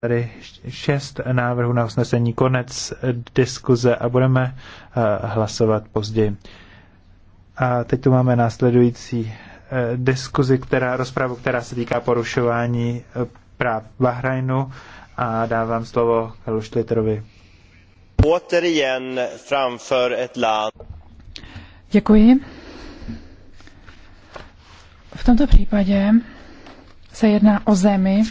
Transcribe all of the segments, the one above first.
tady šest návrhů na usnesení, konec diskuze a budeme eh, hlasovat později. A teď tu máme následující eh, diskuzi, která, rozpravu, která se týká porušování eh, práv Bahrajnu a dávám slovo Karlu Štliterovi. Återigen framför ett land. Děkuji. V tomto případě se jedná o zemi,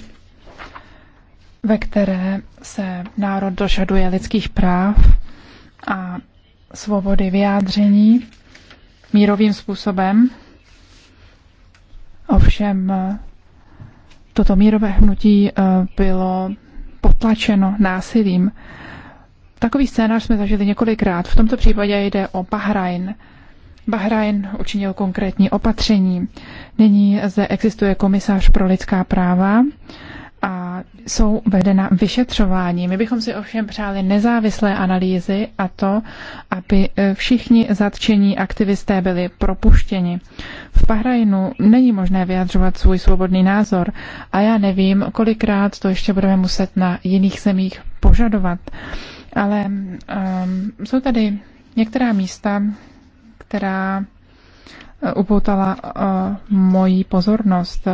ve které se národ dožaduje lidských práv a svobody vyjádření mírovým způsobem. Ovšem toto mírové hnutí eh, bylo potlačeno násilím. Takový scénář jsme zažili několikrát. V tomto případě jde o Bahrajn. Bahrajn učinil konkrétní opatření. Nyní zde existuje komisář pro lidská práva a jsou vedena vyšetřování. My bychom si ovšem přáli nezávislé analýzy a to, aby e, všichni zatčení aktivisté byli propuštěni. V Bahrajnu není možné vyjadřovat svůj svobodný názor a já nevím, kolikrát to ještě budeme muset na jiných zemích požadovat. Ale um, jsou tady některá místa, která upoutala eh, moji pozornost.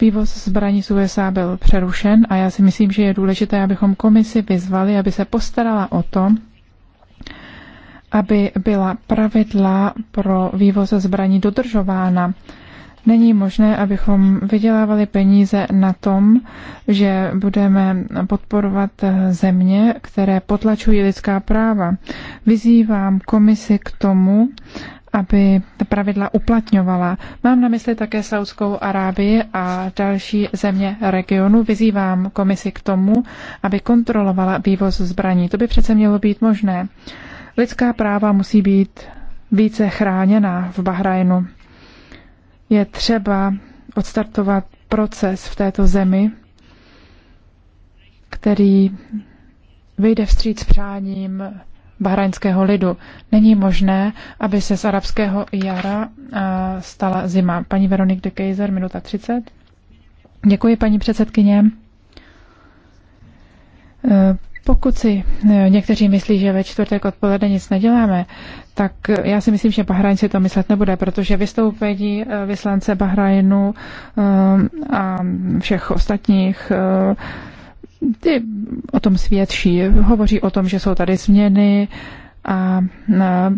Vývoz zbraní z USA byl přerušen a já si myslím, že je důležité, abychom komisi vyzvali, aby se postarala o to, aby byla pravidla pro vývoz zbraní dodržována. Není možné, abychom vydělávali peníze na tom, že budeme podporovat země, které potlačují lidská práva. Vyzývám komisi k tomu, aby pravidla uplatňovala. Mám na mysli také Saudskou Arábii a další země regionu. Vyzývám komisi k tomu, aby kontrolovala vývoz zbraní. To by přece mělo být možné. Lidská práva musí být více chráněna v Bahrajnu. Je třeba odstartovat proces v této zemi, který vyjde vstříc přáním bahrajnského lidu. Není možné, aby se z arabského jara stala zima. Paní Veronik de Kejzer, minuta 30. Děkuji, paní předsedkyně. E, pokud si e, někteří myslí, že ve čtvrtek odpoledne nic neděláme, tak já si myslím, že Bahrajn si to myslet nebude, protože vystoupení e, vyslance Bahrajnu a všech ostatních ty o tom svědčí, hovoří o tom, že jsou tady změny a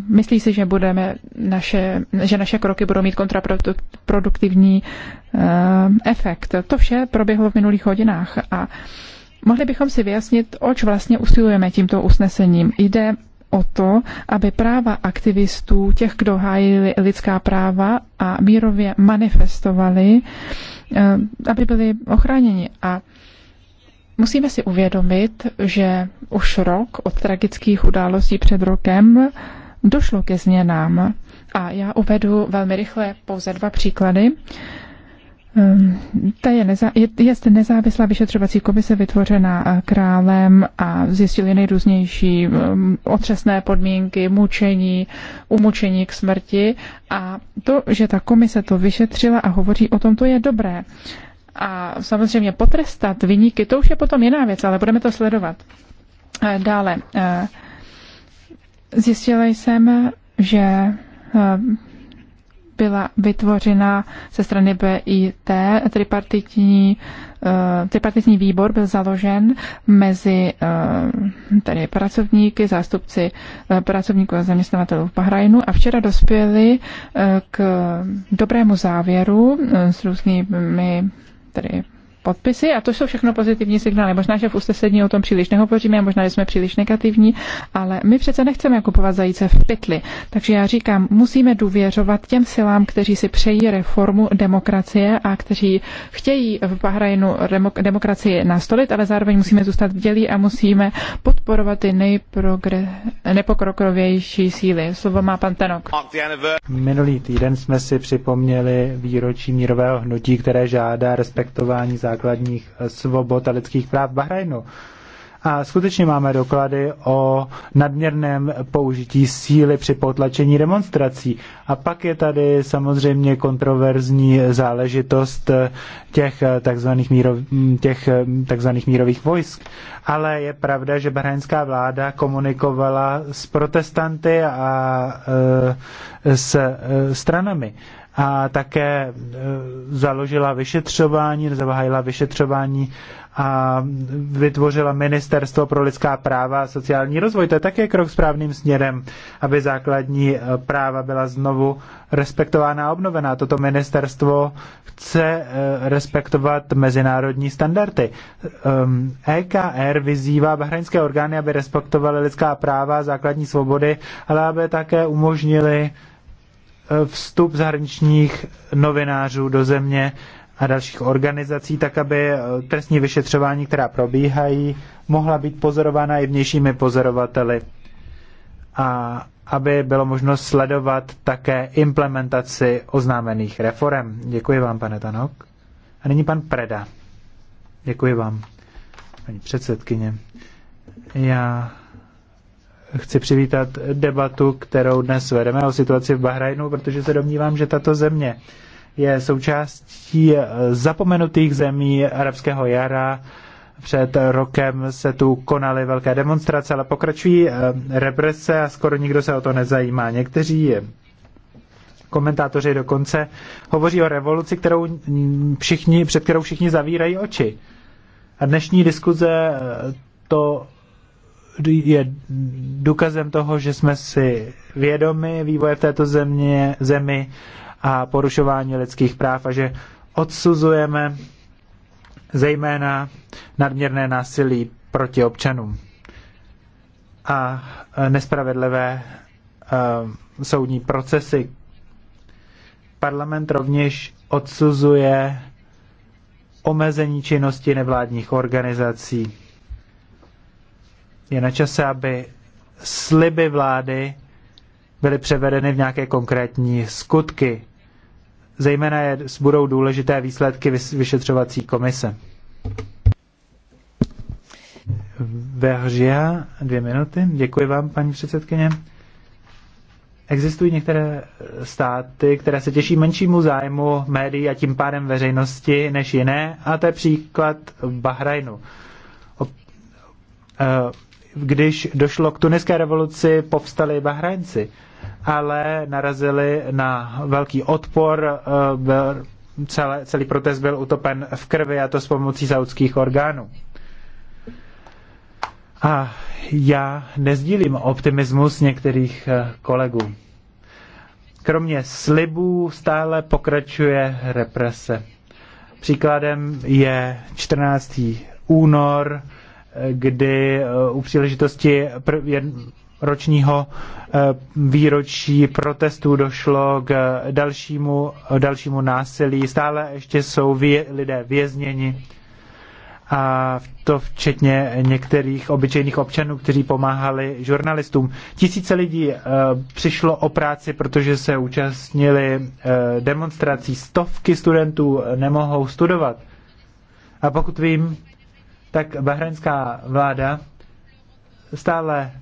myslí si, že, budeme naše, že naše kroky budou mít kontraproduktivní e, efekt. To vše proběhlo v minulých hodinách a mohli bychom si vyjasnit, oč vlastně usilujeme tímto usnesením. Jde o to, aby práva aktivistů, těch, kdo hájili lidská práva a mírově manifestovali, e, aby byli ochráněni. A Musíme si uvědomit, že už rok od tragických událostí před rokem došlo ke změnám. A já uvedu velmi rychle pouze dva příklady. Ehm, ta je, neza, je, je nezávislá vyšetřovací komise vytvořena eh, králem a zjistili nejrůznější ehm, otřesné podmínky, mučení, umučení k smrti. A to, že ta komise to vyšetřila a hovoří o tom, to je dobré a samozřejmě potrestat vyníky, to už je potom jiná věc, ale budeme to sledovat. Dále, eh, zjistila jsem, že eh, byla vytvořena ze strany BIT, tripartitní, eh, tripartitní výbor byl založen mezi tady pracovníky, zástupci pracovníků a zaměstnavatelů v Bahrajnu a včera dospěli k dobrému závěru s různými tedy podpisy a to jsou všechno pozitivní signály. Možná, že v usnesení o tom příliš nehovoříme a možná, že jsme příliš negativní, ale my přece nechceme jako kupovat zajíce v pytli. Takže já říkám, musíme důvěřovat těm silám, kteří si přejí reformu demokracie a kteří chtějí v Bahrajnu demokracii nastolit, ale zároveň musíme zůstat vdělí a musíme podporovat ty nejprogre... nepokrokrovější síly. Slovo má pan Tenok. Minulý týden jsme si připomněli výročí mírového hnutí, které žádá respektování zá základních eh, svobod a lidských práv v Bahrajnu. A skutečně máme doklady o nadměrném použití síly při potlačení demonstrací. A pak je tady samozřejmě kontroverzní záležitost eh, těch eh, takzvaných, mírov, hm, těch takzvaných mírových vojsk. Ale je pravda, že bahrajnská vláda komunikovala s protestanty a e, s e, stranami. E, a také e, založila vyšetřování, zahájila vyšetřování a vytvořila Ministerstvo pro lidská práva a sociální rozvoj. To je také krok správným směrem, aby základní e, práva byla znovu respektována a obnovená. Toto ministerstvo chce e, respektovat mezinárodní standardy. EKR ehm, vyzývá bahrajnské orgány, aby respektovaly lidská práva a základní svobody, ale aby také umožnili vstup zahraničních novinářů do země a dalších organizací, tak aby eh, trestní vyšetřování, která probíhají, mohla být pozorována i vnějšími pozorovateli a aby bylo možno sledovat také implementaci oznámených reform. Děkuji vám, pane Tanok. A nyní pan Preda. Děkuji vám, paní předsedkyně. Já chci přivítat debatu, kterou dnes vedeme o situaci v Bahrajnu, protože se domnívám, že tato země je součástí zapomenutých zemí arabského jara. Před rokem se tu konaly velké demonstrace, ale pokračují eh, represe a skoro nikdo se o to nezajímá. Někteří komentátoři dokonce hovoří o revoluci, kterou všichni, před kterou všichni zavírají oči. A dnešní diskuze eh, to je důkazem toho, že jsme si vědomi vývoje v této země, zemi a porušování lidských práv a že odsuzujeme zejména nadměrné násilí proti občanům a nespravedlivé uh, soudní procesy. Parlament rovněž odsuzuje omezení činnosti nevládních organizací je na čase, aby sliby vlády byly převedeny v nějaké konkrétní skutky. Zejména je, budou důležité výsledky vyšetřovací komise. Veržia, dvě minuty. Děkuji vám, paní předsedkyně. Existují některé státy, které se těší menšímu zájmu médií a tím pádem veřejnosti než jiné, a to je příklad Bahrajnu. O, eh, když došlo k tuniské revoluci, povstali Bahrajnci, ale narazili na velký odpor, eh, byl, celé, celý protest byl utopen v krvi a to s pomocí saudských orgánů. A já nezdílím optimismus některých eh, kolegů. Kromě slibů stále pokračuje represe. Příkladem je 14. únor kdy eh, u příležitosti ročního eh, výročí protestů došlo k dalšímu, dalšímu násilí. Stále ještě jsou vě, lidé vězněni a to včetně některých obyčejných občanů, kteří pomáhali žurnalistům. Tisíce lidí eh, přišlo o práci, protože se účastnili demonstrací. Stovky studentů nemohou studovat. A pokud vím, tak bahrajnská vláda stále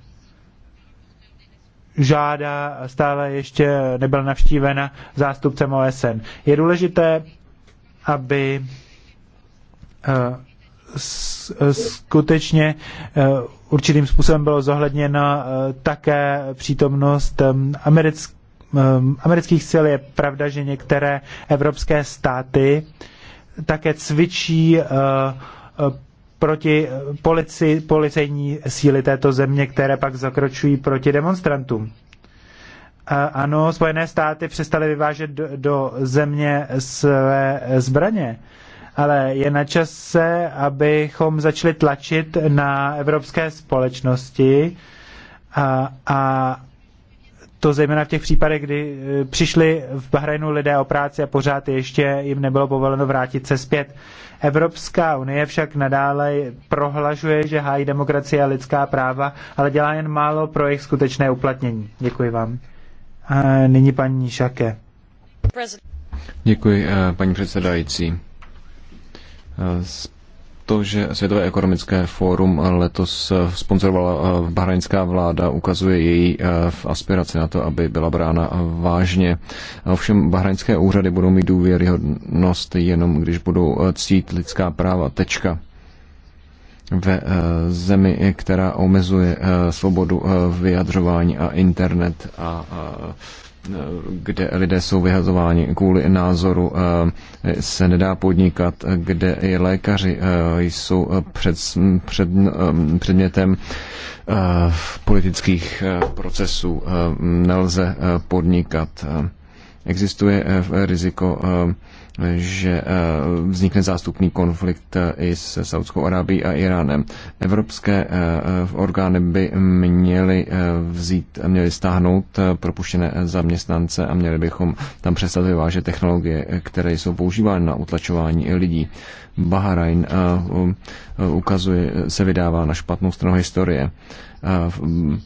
žádá, stále ještě nebyla navštívena zástupcem OSN. Je důležité, aby eh, eh, skutečně eh, určitým způsobem bylo zohledněna také přítomnost amerických sil. Je pravda, že některé evropské státy také cvičí proti eh, polici, policejní síly této země, které pak zakročují proti demonstrantům. ano, Spojené státy přestaly vyvážet do, do země své zbraně, ale je na čase, abychom začali tlačit na evropské společnosti a, a to zejména v těch případech, kdy eh, přišli v Bahrajnu lidé o práci a pořád ještě jim nebylo povoleno vrátit se zpět. Evropská unie však nadále prohlažuje, že hájí demokracie a lidská práva, ale dělá jen málo pro jejich skutečné uplatnění. Děkuji vám. A nyní paní Šake. Děkuji, eh, paní předsedající. Eh, to, že Světové ekonomické fórum letos sponzorovala eh, bahrajnská vláda, ukazuje její eh, aspiraci na to, aby byla brána vážně. Ovšem bahrajnské úřady budou mít důvěryhodnost jenom, když budou eh, cít lidská práva. Tečka ve zemi, která omezuje svobodu vyjadřování a internet a kde lidé jsou vyhazováni kvůli názoru, eh, se nedá podnikat, kde i lékaři eh, jsou před, před, eh, předmětem politických procesů, nelze podnikat. Existuje riziko že eh, vznikne zástupný konflikt eh, i se Saudskou Arábií a Iránem. Evropské eh, orgány by měly vzít, měly stáhnout propuštěné zaměstnance a měli bychom tam přestat vyvážet technologie, které jsou používány na utlačování lidí. Bahrajn ukazuje, se vydává na špatnou stranu historie mm,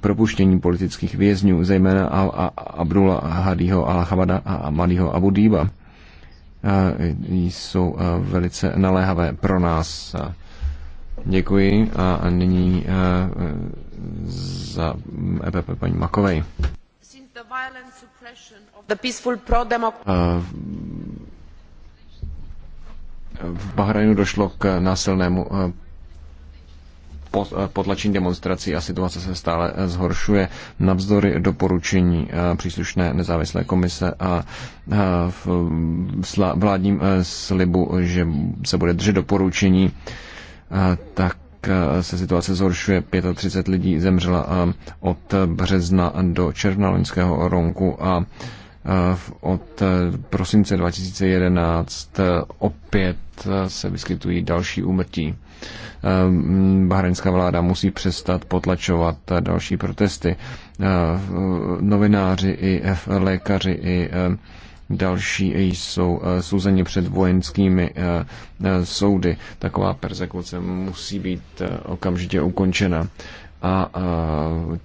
propuštění politických vězňů, zejména Abdullah Hadiho al-Hamada a Madiho Abu Díba jsou velice naléhavé pro nás. Děkuji a nyní za EPP paní Makovej. V Bahrajnu došlo k násilnému Eh, potlačení demonstrací a situace se stále eh, zhoršuje navzdory doporučení eh, příslušné nezávislé komise a vládním slibu, že se bude držet doporučení, tak se situace zhoršuje. 35 lidí zemřela od března do června loňského ronku a od prosince 2011 opět se vyskytují další úmrtí. Ehm, Bahrajnská vláda musí přestat potlačovat další protesty. Ehm, novináři i lékaři i ehm, další jsou souzeni před vojenskými soudy. Taková persekuce musí být okamžitě ukončena a, a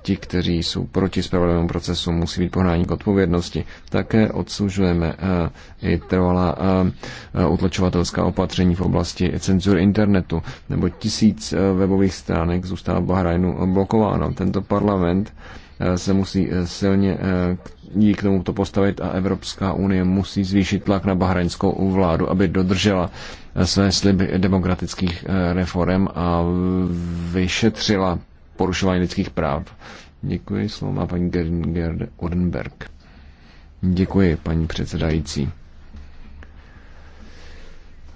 ti, kteří jsou proti spravedlivému procesu, musí být pohnání k odpovědnosti. Také odsužujeme a, i trvalá a, a utlačovatelská opatření v oblasti cenzury internetu, nebo tisíc e, webových stránek zůstává v Bahrajnu blokováno. Tento parlament e, se musí e, silně k, tomu tomuto postavit a Evropská unie musí zvýšit tlak na bahrajnskou vládu, aby dodržela své sliby demokratických reform a vyšetřila porušování lidských práv. Děkuji, slovo má paní Gerd Odenberg. Děkuji, paní předsedající.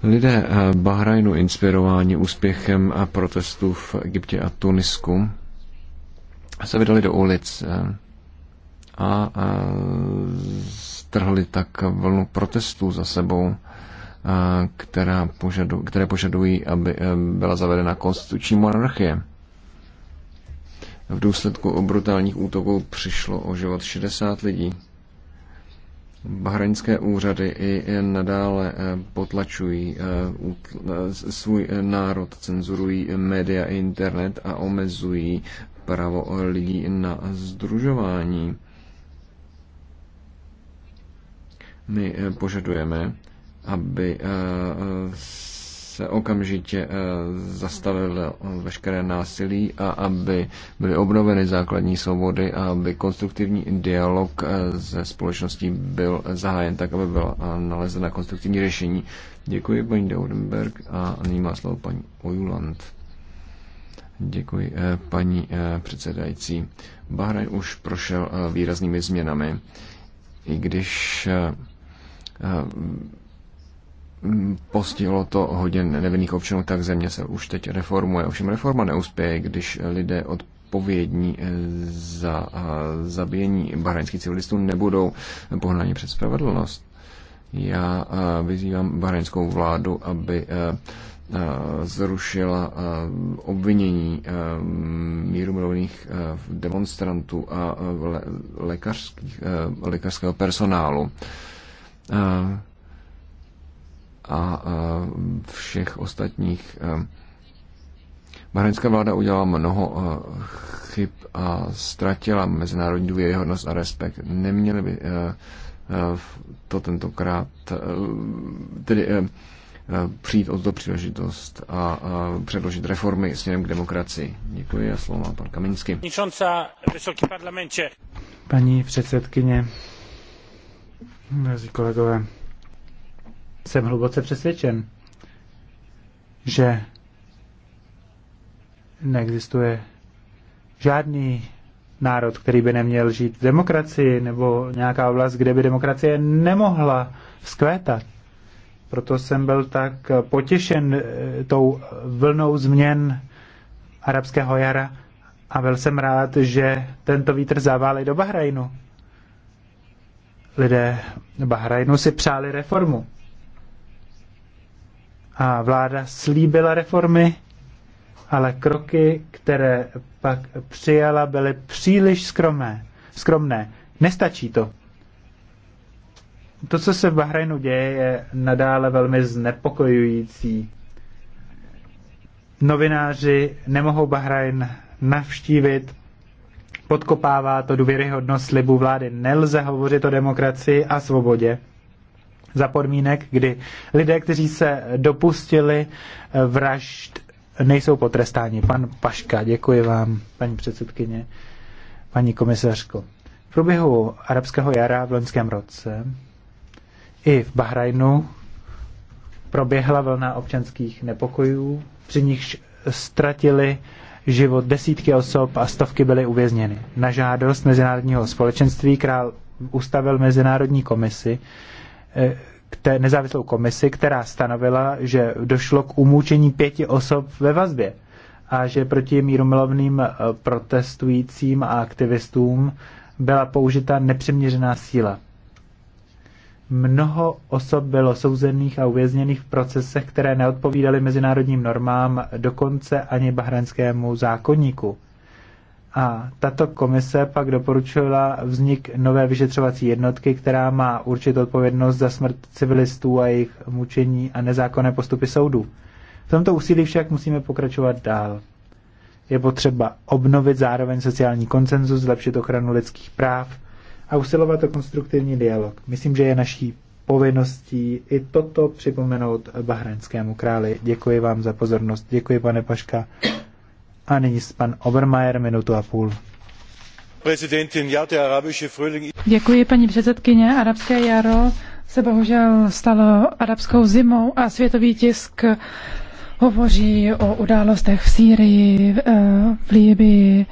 Lidé eh, Bahrajnu inspirováni úspěchem a protestů v Egyptě a Tunisku se vydali do ulic eh, a eh, strhli tak vlnu protestů za sebou, která požadu, které požadují, aby byla zavedena konstituční monarchie. V důsledku brutálních útoků přišlo o život 60 lidí. Bahrajnské úřady i nadále eh, potlačují eh, eh, svůj národ, cenzurují média i internet a omezují právo lidí na združování. My požadujeme, aby se okamžitě eh, zastavilo veškeré násilí a aby byly obnoveny základní svobody a aby konstruktivní dialog se eh, společností byl zahájen tak, aby byla eh, nalezena konstruktivní řešení. Děkuji paní Daudenberg a nyní má slovo paní Ojuland. Děkuji, paní předsedající. Bahrajn už prošel výraznými změnami, i když postihlo to hodně nevinných občanů, tak země se už teď reformuje. Ovšem reforma neuspěje, když lidé od povědní eh, za eh, zabíjení bahrajnských civilistů nebudou pohnáni před spravedlnost. Já eh, vyzývám bahrajnskou vládu, aby zrušila obvinění míru milovných demonstrantů a lékařských, lékařského personálu a všech ostatních. Bahrajnská vláda udělala mnoho chyb a ztratila mezinárodní důvěryhodnost a respekt. Neměli by to tentokrát, tedy přijít od to příležitost a předložit reformy směrem k demokracii. Děkuji a slovo má pan Kaminsky. Paní předsedkyně, Mnozí kolegové, jsem hluboce přesvědčen, že neexistuje žádný národ, který by neměl žít v demokracii, nebo nějaká oblast, kde by demokracie nemohla vzkvétat. Proto jsem byl tak potěšen eh, tou vlnou změn arabského jara a byl jsem rád, že tento vítr zavále do Bahrajnu. Lidé Bahrajnu si přáli reformu a vláda slíbila reformy, ale kroky, které pak přijala, byly příliš skromné. skromné. Nestačí to. To, co se v Bahrajnu děje, je nadále velmi znepokojující. Novináři nemohou Bahrajn navštívit, podkopává to důvěryhodnost slibu vlády. Nelze hovořit o demokracii a svobodě za podmínek, kdy lidé, kteří se dopustili eh, vražd, nejsou potrestáni. Pan Paška, děkuji vám, paní předsedkyně, paní komisařko. V průběhu arabského jara v loňském roce i v Bahrajnu proběhla vlna občanských nepokojů, při nichž ztratili život desítky osob a stovky byly uvězněny. Na žádost mezinárodního společenství král ustavil mezinárodní komisi, Eh, k té nezávislou komisi, která stanovila, že došlo k umůčení pěti osob ve vazbě a že proti míromilovným eh, protestujícím a aktivistům byla použita nepřeměřená síla. Mnoho osob bylo souzených a uvězněných v procesech, které neodpovídaly mezinárodním normám, dokonce ani bahraňskému zákonníku. A tato komise pak doporučila vznik nové vyšetřovací jednotky, která má určit odpovědnost za smrt civilistů a jejich mučení a nezákonné postupy soudů. V tomto úsilí však musíme pokračovat dál. Je potřeba obnovit zároveň sociální konsenzus, zlepšit ochranu lidských práv a usilovat o konstruktivní dialog. Myslím, že je naší povinností i toto připomenout bahrajnskému králi. Děkuji vám za pozornost. Děkuji, pane Paška. A nyní pan Obermeier, minutu a půl. Děkuji, paní předsedkyně. Arabské jaro se bohužel stalo arabskou zimou a světový tisk hovoří o událostech v Sýrii, eh, v Líbii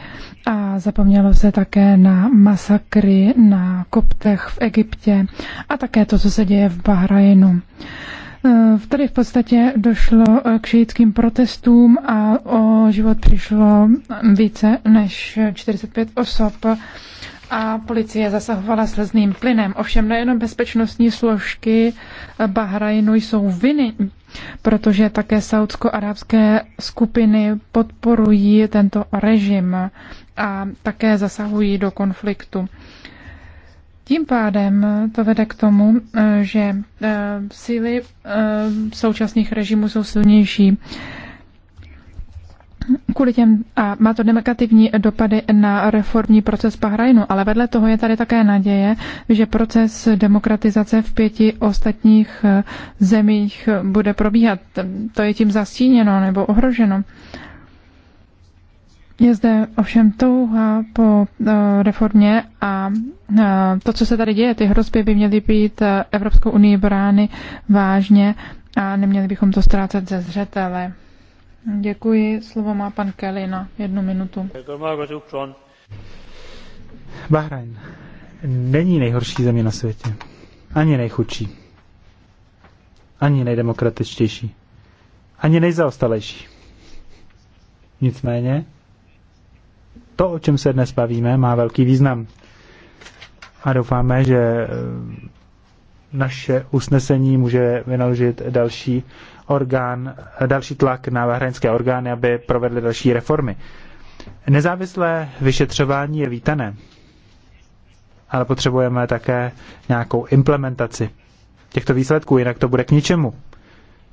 a zapomnělo se také na masakry na koptech v Egyptě a také to, co se děje v Bahrajnu. Eh, tady v podstatě došlo eh, k šítským protestům a o život přišlo více než 45 osob a policie zasahovala slzným plynem. Ovšem nejenom bezpečnostní složky Bahrajnu jsou viny, protože také saudsko-arabské skupiny podporují tento režim a také zasahují do konfliktu. Tím pádem to vede k tomu, eh, že eh, síly eh, současných režimů jsou silnější. Kvůli těm, a má to negativní dopady na reformní proces Bahrajnu, ale vedle toho je tady také naděje, že proces demokratizace v pěti ostatních zemích bude probíhat. To je tím zastíněno nebo ohroženo. Je zde ovšem touha po eh, reformě a eh, to, co se tady děje, ty hrozby by měly být eh, Evropskou unii brány vážně a neměli bychom to ztrácet ze zřetele. Děkuji. Slovo má pan Kelly na jednu minutu. Bahrajn není nejhorší země na světě. Ani nejchudší. Ani nejdemokratičtější. Ani nejzaostalejší. Nicméně to, o čem se dnes bavíme, má velký význam. A doufáme, že eh, naše usnesení může vynaložit další orgán, další tlak na hranické orgány, aby provedly další reformy. Nezávislé vyšetřování je vítané, ale potřebujeme také nějakou implementaci těchto výsledků, jinak to bude k ničemu.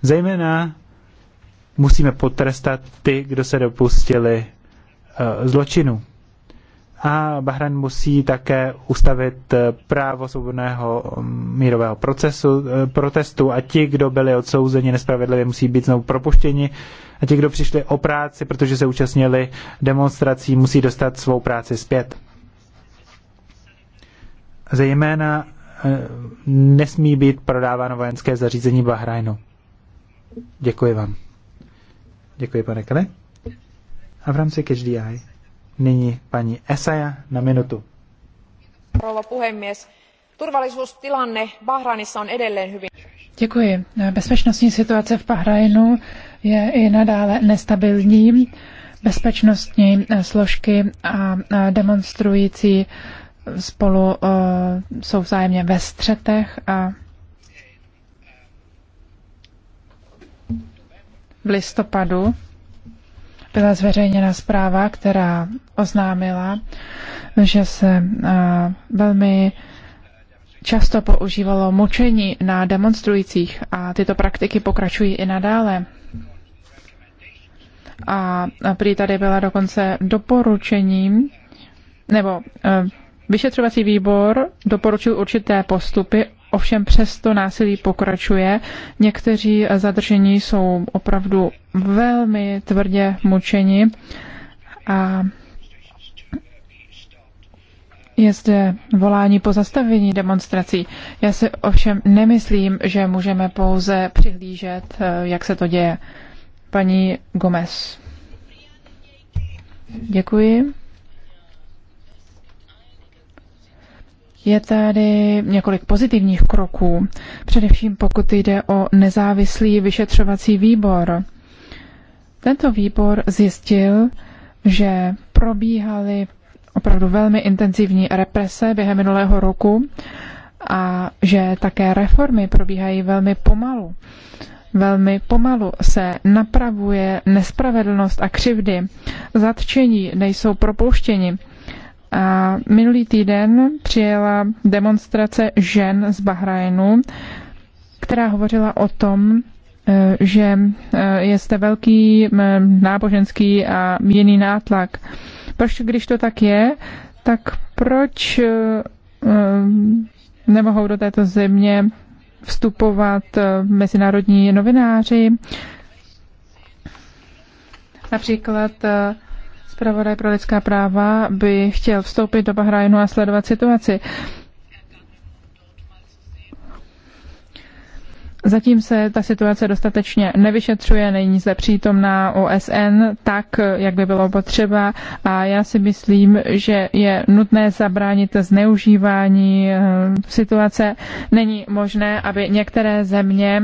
Zejména musíme potrestat ty, kdo se dopustili Eh, zločinu A Bahrain musí také ustavit eh, právo svobodného mm, mírového procesu, eh, protestu a ti, kdo byli odsouzeni nespravedlivě, musí být znovu propuštěni a ti, kdo přišli o práci, protože se účastnili demonstrací, musí dostat svou práci zpět. Zejména nesmí být prodáváno vojenské zařízení Bahrajnu. Děkuji vám. Děkuji, pane Kale. A v rámci HDI nyní paní Esaja na minutu. Rova puhemies, turvallisuustilanne Bahranissa on edelleen hyvin. Děkuji. Bezpečnostní situace v Bahrajnu je i nadále nestabilní. Bezpečnostní eh, složky a eh, demonstrující spolu eh, jsou vzájemně ve střetech a v listopadu byla zveřejněna zpráva, která oznámila, že se eh, velmi často používalo mučení na demonstrujících a tyto praktiky pokračují i nadále. A prý tady byla dokonce doporučením, nebo eh, vyšetřovací výbor doporučil určité postupy Ovšem přesto násilí pokračuje. Někteří zadržení jsou opravdu velmi tvrdě mučeni a je zde volání po zastavení demonstrací. Já si ovšem nemyslím, že můžeme pouze přihlížet, eh, jak se to děje. Paní Gomez. Děkuji. Je tady několik pozitivních kroků, především pokud jde o nezávislý vyšetřovací výbor. Tento výbor zjistil, že probíhaly opravdu velmi intenzivní represe během minulého roku a že také reformy probíhají velmi pomalu. Velmi pomalu se napravuje nespravedlnost a křivdy. Zatčení nejsou propouštěni. A minulý týden přijela demonstrace žen z Bahrajnu, která hovořila o tom, e, že e, je zde velký náboženský a jiný nátlak. Proč, když to tak je, tak proč e, nemohou do této země vstupovat mezinárodní novináři? Například Zpravodaj pro lidská práva by chtěl vstoupit do Bahrajnu a sledovat situaci. Zatím se ta situace dostatečně nevyšetřuje, není zde přítomná OSN tak, jak by bylo potřeba a já si myslím, že je nutné zabránit zneužívání eh, situace. Není možné, aby některé země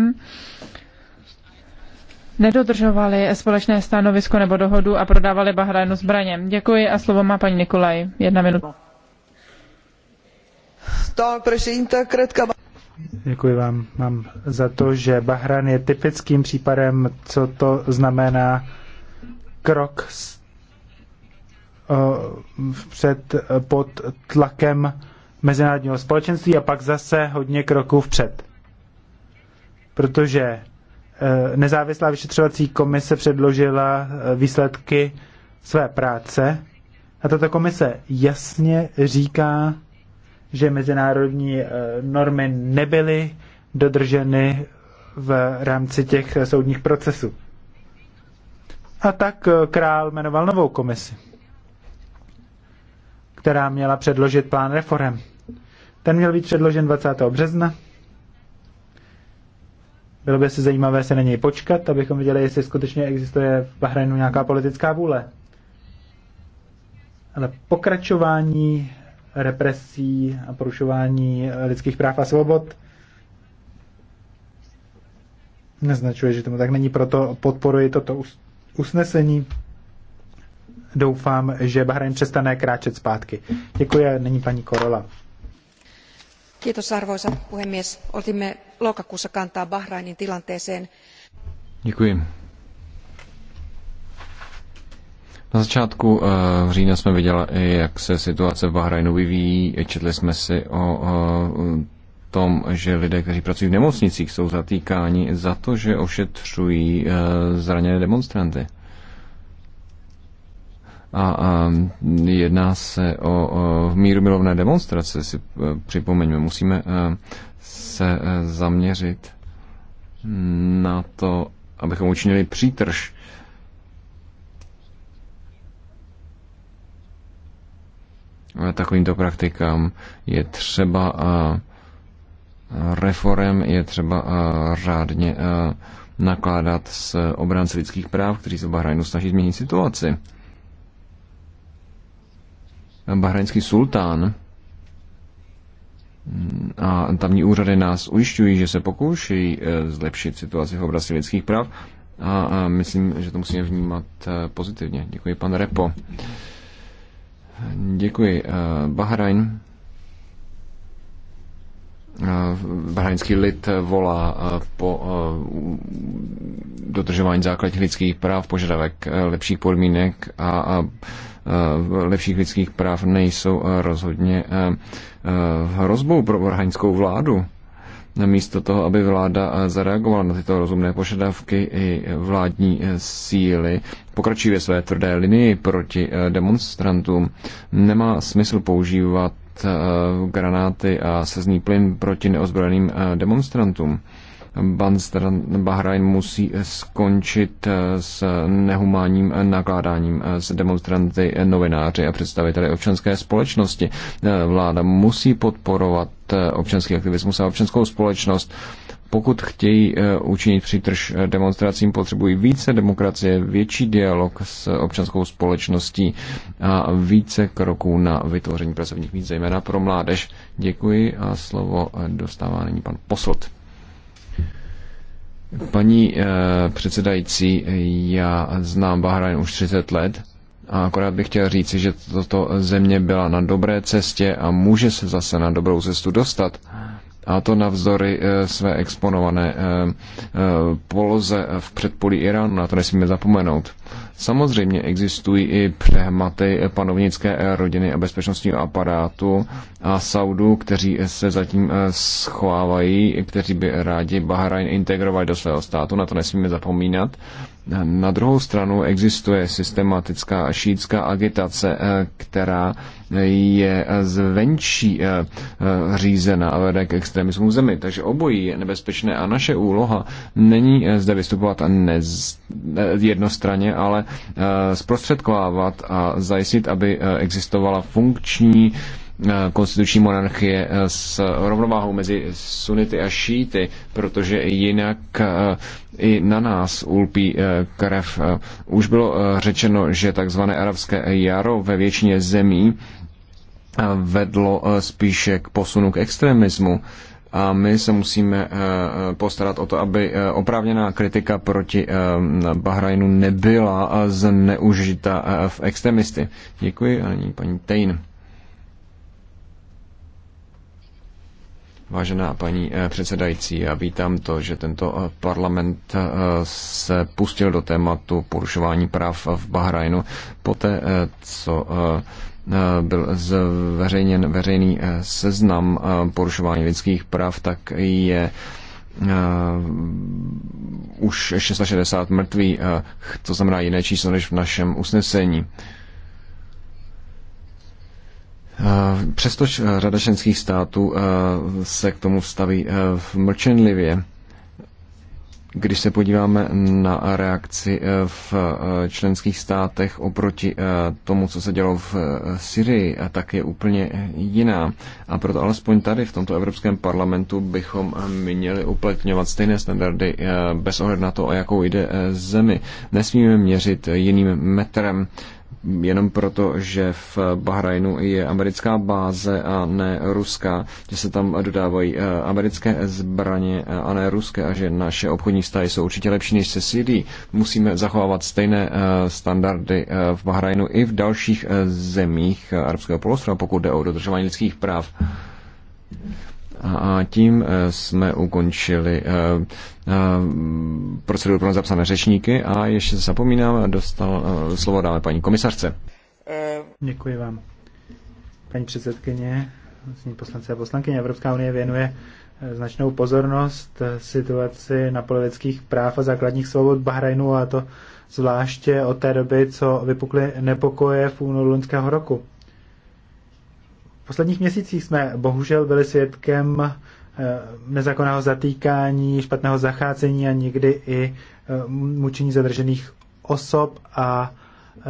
nedodržovali společné stanovisko nebo dohodu a prodávali Bahrajnu zbraně. Děkuji a slovo má paní Nikolaj. Jedna minuta. Děkuji vám. Mám za to, že Bahrajn je typickým případem, co to znamená krok před pod tlakem mezinárodního společenství a pak zase hodně kroků vpřed. Protože Eh, nezávislá vyšetřovací komise předložila eh, výsledky své práce a tato komise jasně říká, že mezinárodní eh, normy nebyly dodrženy v rámci těch soudních procesů. A tak král jmenoval novou komisi, která měla předložit plán reform. Ten měl být předložen 20. března bylo by si zajímavé se na něj počkat, abychom viděli, jestli skutečně existuje v Bahrajnu nějaká politická vůle. Ale pokračování represí a porušování lidských práv a svobod neznačuje, že tomu tak není, proto podporuji toto usnesení. Doufám, že Bahrajn přestane kráčet zpátky. Děkuji, není paní Korola. Kiitos arvoisa puhemies. Otimme lokakuussa kantaa Bahrainin tilanteeseen. Děkuji. Na začátku uh, října jsme viděli, jak se situace v Bahrajnu vyvíjí. Četli jsme si o uh, tom, že lidé, kteří pracují v nemocnicích, jsou zatýkáni za to, že ošetřují uh, zraněné demonstranty. A, a eh, jedná se o, o mírumilovné demonstrace, si připomeňme. Musíme se eh, zaměřit na to, abychom učinili přítrž eh, takovýmto praktikám. Je třeba eh, reform, je třeba řádně nakládat s obránci lidských práv, kteří se v Bahrajnu snaží změnit situaci. Bahrajnský sultán a tamní úřady nás ujišťují, že se pokouší eh, zlepšit situaci v oblasti lidských práv a myslím, že to musíme vnímat eh, pozitivně. Děkuji, pan Repo. Děkuji. Bahrajn. Eh, Bahrajnský lid volá po dodržování základních lidských práv, požadavek lepších podmínek a Eh, lepších lidských práv nejsou eh, rozhodně eh, hrozbou pro orhaňskou vládu. Místo toho, aby vláda zareagovala na tyto rozumné požadavky, i vládní síly pokračují ve své tvrdé linii proti demonstrantům. Nemá smysl používat granáty a sezný plyn proti neozbrojeným demonstrantům. Bahrajn musí skončit eh, s nehumánním nakládáním eh, s demonstranty, eh, novináři a představiteli občanské společnosti. Vláda musí podporovat občanský aktivismus a občanskou společnost. Pokud chtějí učinit přítrž demonstracím, potřebují více demokracie, větší dialog s občanskou společností a více kroků na vytvoření pracovních míst, zejména pro mládež. Děkuji a slovo dostává nyní pan Poslot. Paní eh, předsedající, já znám Bahrajn už 30 let a akorát bych chtěl říci, že toto země byla na dobré cestě a může se zase na dobrou cestu dostat a to navzdory eh, své exponované eh, eh, poloze v předpolí Iránu, na to nesmíme zapomenout. Samozřejmě existují i přehmaty panovnické rodiny a bezpečnostního aparátu a Saudů, kteří se zatím schovávají, kteří by rádi Bahrajn integrovali do svého státu, na to nesmíme zapomínat. Na druhou stranu existuje systematická šítská agitace, eh, která je zvenčí eh, eh, řízena a vede k extremismu zemi. Takže obojí je nebezpečné a naše úloha není zde vystupovat nez, jednostranně, ale zprostředkovávat a zajistit, aby existovala funkční Eh, konstituční monarchie eh, s rovnováhou mezi sunity a šíty, protože jinak eh, i na nás ulpí krev. Už bylo řečeno, že takzvané arabské jaro ve většině zemí vedlo spíše k posunu k extremismu a my se musíme postarat o to, aby oprávněná kritika proti Bahrajnu nebyla zneužita v extremisty. Děkuji a nyní paní Tejn. Vážená paní eh, předsedající, já vítám to, že tento eh, parlament eh, se pustil do tématu porušování práv v Bahrajnu poté, co byl zveřejněn veřejný seznam porušování lidských práv, tak je už 660 mrtvých, to znamená jiné číslo než v našem usnesení. Eh, Přestož řada eh, členských států eh, se k tomu staví mlčenlivě, když se podíváme na reakci v členských státech oproti tomu, co se dělo v Syrii, tak je úplně jiná. A proto alespoň tady v tomto Evropském parlamentu bychom měli uplatňovat stejné standardy bez ohledu na to, o jakou jde zemi. Nesmíme měřit jiným metrem jenom proto, že v Bahrajnu je americká báze a ne ruská, že se tam dodávají eh, americké zbraně eh, a ne ruské a že naše obchodní stáje jsou určitě lepší než se Syrií. Musíme zachovávat stejné eh, standardy v Bahrajnu i v dalších zemích arabského polostrova, pokud jde o dodržování lidských práv. A tím e, jsme ukončili e, e, proceduru pro zapsané řečníky a ještě zapomínám, dostal slovo dáme paní komisařce. Děkuji vám. Paní předsedkyně, poslance a poslankyně, Evropská unie věnuje značnou pozornost situaci na politických práv a základních svobod Bahrajnu a to zvláště od té doby, co vypukly nepokoje v únoru loňského roku. V posledních měsících jsme bohužel byli svědkem eh, nezákonného zatýkání, špatného zacházení a někdy i eh, mučení zadržených osob a eh,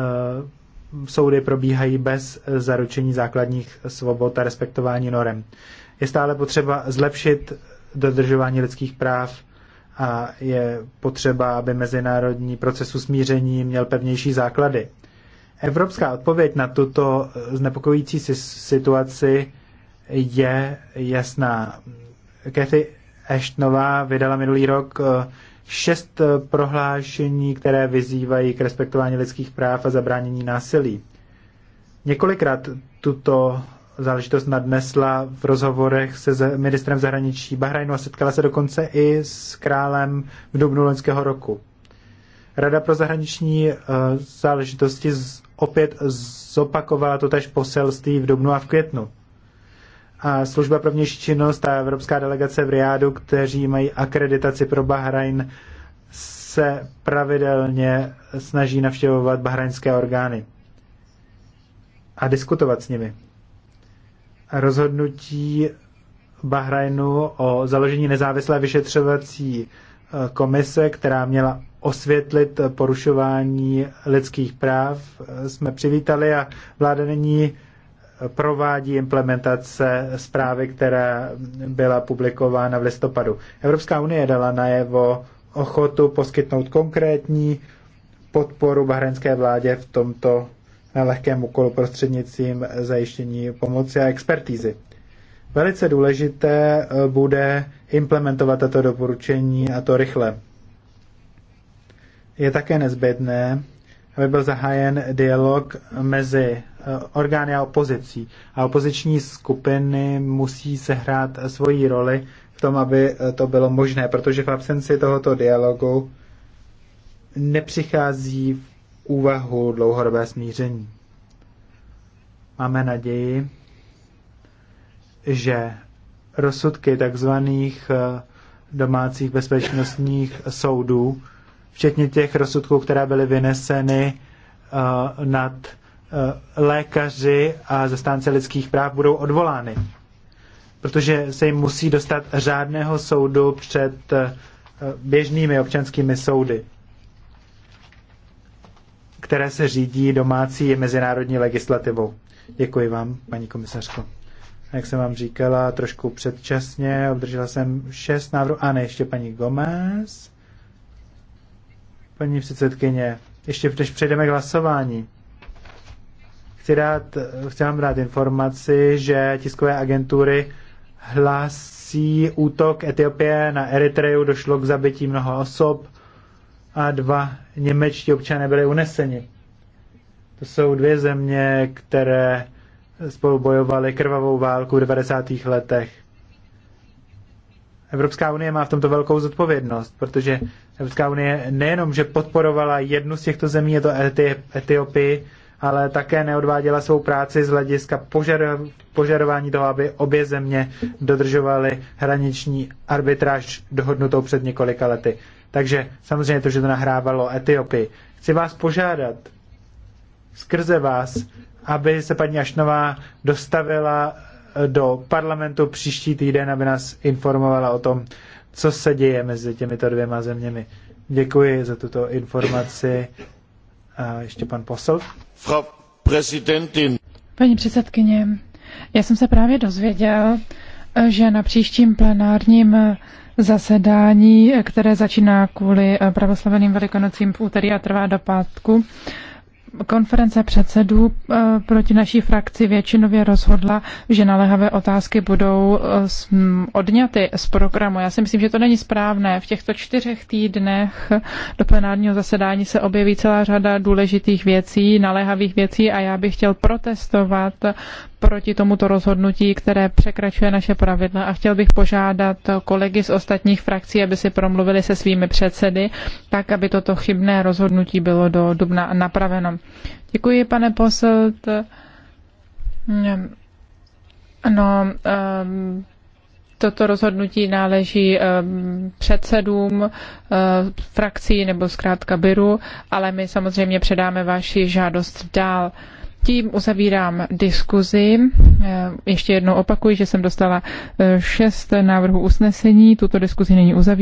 soudy probíhají bez zaručení základních svobod a respektování norem. Je stále potřeba zlepšit dodržování lidských práv a je potřeba, aby mezinárodní proces usmíření měl pevnější základy. Evropská odpověď na tuto znepokojící situaci je jasná. Kathy Ashtonová vydala minulý rok eh, šest prohlášení, které vyzývají k respektování lidských práv a zabránění násilí. Několikrát tuto záležitost nadnesla v rozhovorech se ministrem zahraničí Bahrajnu a setkala se dokonce i s králem v dubnu loňského roku. Rada pro zahraniční eh, záležitosti opět zopakovala to tež poselství v dubnu a v květnu. A služba pro vnější činnost a Evropská delegace v Riádu, kteří mají akreditaci pro Bahrajn, se pravidelně snaží navštěvovat bahrajnské orgány a diskutovat s nimi. A rozhodnutí Bahrajnu o založení nezávislé vyšetřovací eh, komise, která měla osvětlit porušování lidských práv jsme přivítali a vláda nyní provádí implementace zprávy, která byla publikována v listopadu. Evropská unie dala najevo ochotu poskytnout konkrétní podporu bahrenské vládě v tomto nelehkém úkolu prostřednicím zajištění pomoci a expertízy. Velice důležité bude implementovat tato doporučení a to rychle je také nezbytné, aby byl zahájen dialog mezi eh, orgány a opozicí. A opoziční skupiny musí sehrát svoji roli v tom, aby eh, to bylo možné, protože v absenci tohoto dialogu nepřichází v úvahu dlouhodobé smíření. Máme naději, že rozsudky takzvaných eh, domácích bezpečnostních soudů včetně těch rozsudků, které byly vyneseny eh, nad eh, lékaři a zastánce lidských práv, budou odvolány. Protože se jim musí dostat řádného soudu před eh, běžnými občanskými soudy, které se řídí domácí i mezinárodní legislativou. Děkuji vám, paní komisařko. A jak jsem vám říkala, trošku předčasně obdržela jsem šest návrhů. A ne, ještě paní Gomez paní předsedkyně. Ještě než přejdeme k hlasování, chci, dát, chci vám dát informaci, že tiskové agentury hlásí útok Etiopie na Eritreju, došlo k zabití mnoha osob a dva němečtí občané byli uneseni. To jsou dvě země, které spolu bojovaly krvavou válku v 90. letech. Evropská unie má v tomto velkou zodpovědnost, protože Evropská unie nejenom, že podporovala jednu z těchto zemí, je to Eti- Etiopii, ale také neodváděla svou práci z hlediska požado- požadování toho, aby obě země dodržovaly hraniční arbitráž dohodnutou před několika lety. Takže samozřejmě to, že to nahrávalo Etiopii. Chci vás požádat skrze vás, aby se paní Ašnová dostavila do parlamentu příští týden, aby nás informovala o tom, co se děje mezi těmito dvěma zeměmi. Děkuji za tuto informaci. A ještě pan posel. Frau Paní předsedkyně, já jsem se právě dozvěděl, že na příštím plenárním zasedání, které začíná kvůli eh, pravoslaveným velikonocím v úterý a trvá do pátku, konference předsedů eh, proti naší frakci většinově rozhodla, že naléhavé otázky budou eh, odňaty z programu. Já si myslím, že to není správné. V těchto čtyřech týdnech do plenárního zasedání se objeví celá řada důležitých věcí, naléhavých věcí a já bych chtěl protestovat proti tomuto rozhodnutí, které překračuje naše pravidla a chtěl bych požádat kolegy z ostatních frakcí, aby si promluvili se svými předsedy, tak aby toto chybné rozhodnutí bylo do dubna napraveno. Děkuji, pane posel. No, ehm, toto rozhodnutí náleží ehm, předsedům ehm, frakcí nebo zkrátka byru, ale my samozřejmě předáme vaši žádost dál. Tím uzavírám diskuzi. Ještě jednou opakuji, že jsem dostala eh, šest návrhů usnesení. Tuto diskuzi není uzavírám.